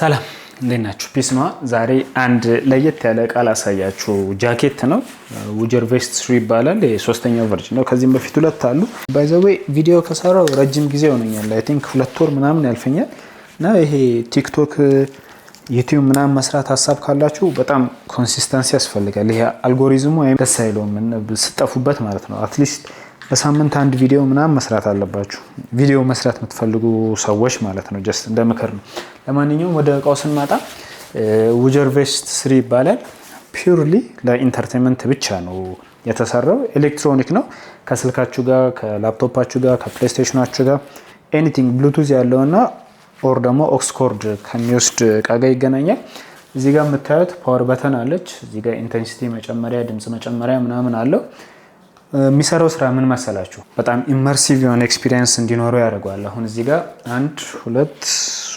ሰላም እንዴት ናችሁ? ፒስ ነዋ። ዛሬ አንድ ለየት ያለ ቃል አሳያችሁ። ጃኬት ነው፣ ውጀር ቬስት ስሪ ይባላል። የሶስተኛው ቨርጅን ነው። ከዚህም በፊት ሁለት አሉ። ባይ ዘ ዌይ ቪዲዮ ከሰራው ረጅም ጊዜ ሆነኛል። አይ ቲንክ ሁለት ወር ምናምን ያልፈኛል እና ይሄ ቲክቶክ ዩቲዩብ ምናምን መስራት ሀሳብ ካላችሁ በጣም ኮንሲስተንሲ ያስፈልጋል። ይሄ አልጎሪዝሙ ወይም ደስ አይለውም ስጠፉበት ማለት ነው አትሊስት በሳምንት አንድ ቪዲዮ ምናምን መስራት አለባችሁ። ቪዲዮ መስራት የምትፈልጉ ሰዎች ማለት ነው። ጀስት እንደ ምክር ነው። ለማንኛውም ወደ እቃው ስንመጣ ውጀር ቬስት ስሪ ይባላል። ፒውርሊ ለኢንተርቴንመንት ብቻ ነው የተሰራው። ኤሌክትሮኒክ ነው። ከስልካችሁ ጋር፣ ከላፕቶፓችሁ ጋር፣ ከፕሌይስቴሽናችሁ ጋር ኤኒቲንግ ብሉቱዝ ያለውና ኦር ደግሞ ኦክስኮርድ ከሚወስድ እቃ ጋር ይገናኛል። እዚህ ጋር የምታዩት ፓወር በተን አለች። እዚህ ጋር መጨመሪያ፣ ድምፅ መጨመሪያ ምናምን አለው። የሚሰራው ስራ ምን መሰላችሁ? በጣም ኢመርሲቭ የሆነ ኤክስፒሪየንስ እንዲኖረው ያደርገዋል። አሁን እዚህ ጋር አንድ ሁለት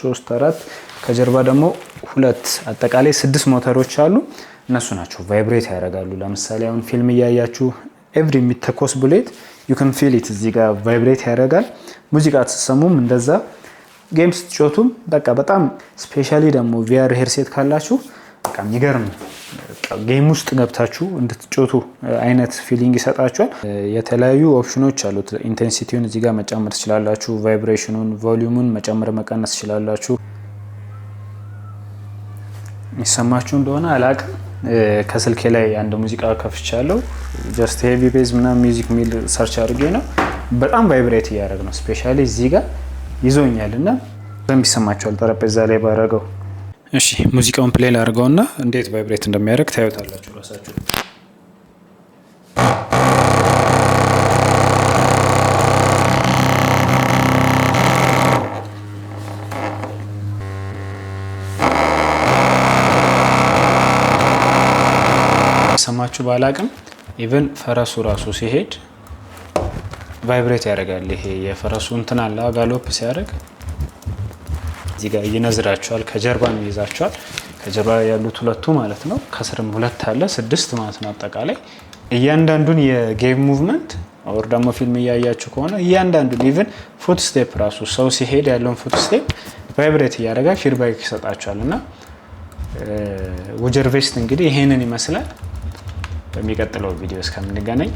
ሶስት አራት ከጀርባ ደግሞ ሁለት አጠቃላይ ስድስት ሞተሮች አሉ። እነሱ ናቸው ቫይብሬት ያደርጋሉ። ለምሳሌ አሁን ፊልም እያያችሁ ኤቭሪ የሚተኮስ ቡሌት ዩ ካን ፊል ኢት እዚህ ጋር ቫይብሬት ያደርጋል። ሙዚቃ ትሰሙም እንደዛ ጌም ስትጮቱም በቃ በጣም ስፔሻሊ ደግሞ ቪአር ሄርሴት ካላችሁ በቃ የሚገርም ጌም ውስጥ ገብታችሁ እንድትጮቱ አይነት ፊሊንግ ይሰጣችኋል። የተለያዩ ኦፕሽኖች አሉት። ኢንቴንሲቲውን እዚህ ጋር መጨመር ትችላላችሁ። ቫይብሬሽኑን፣ ቮሊዩሙን መጨመር መቀነስ ትችላላችሁ። ይሰማችሁ እንደሆነ አላቅም። ከስልኬ ላይ አንድ ሙዚቃ ከፍቻለሁ። ጀስት ሄቪ ቤዝ ምናምን ሚዚክ ሚል ሰርች አድርጌ ነው። በጣም ቫይብሬት እያደረግ ነው። ስፔሻሊ እዚህ ጋር ይዞኛል እና በደንብ ይሰማችኋል ጠረጴዛ ላይ ባረገው እሺ ሙዚቃውን ፕሌይ እና እንዴት ቫይብሬት እንደሚያደርግ ታዩታላችሁ ራሳችሁ። ሰማችሁ ባላቅም ኢቨን ፈረሱ ራሱ ሲሄድ ቫይብሬት ያደርጋል። ይሄ የፈረሱ እንትን አለ ጋሎፕ ሲያደርግ እዚህ ጋር ይነዝራቸዋል። ከጀርባም ይይዛቸዋል። ከጀርባ ያሉት ሁለቱ ማለት ነው። ከስርም ሁለት አለ፣ ስድስት ማለት ነው። አጠቃላይ እያንዳንዱን የጌም ሙቭመንት ወር ደግሞ ፊልም እያያችሁ ከሆነ እያንዳንዱን ኢቨን ፉት ስቴፕ ራሱ ሰው ሲሄድ ያለውን ፉት ስቴፕ ቫይብሬት እያደረገ ፊድባክ ይሰጣቸዋል። እና ውጀር ቬስት እንግዲህ ይሄንን ይመስላል። በሚቀጥለው ቪዲዮ እስከምንገናኝ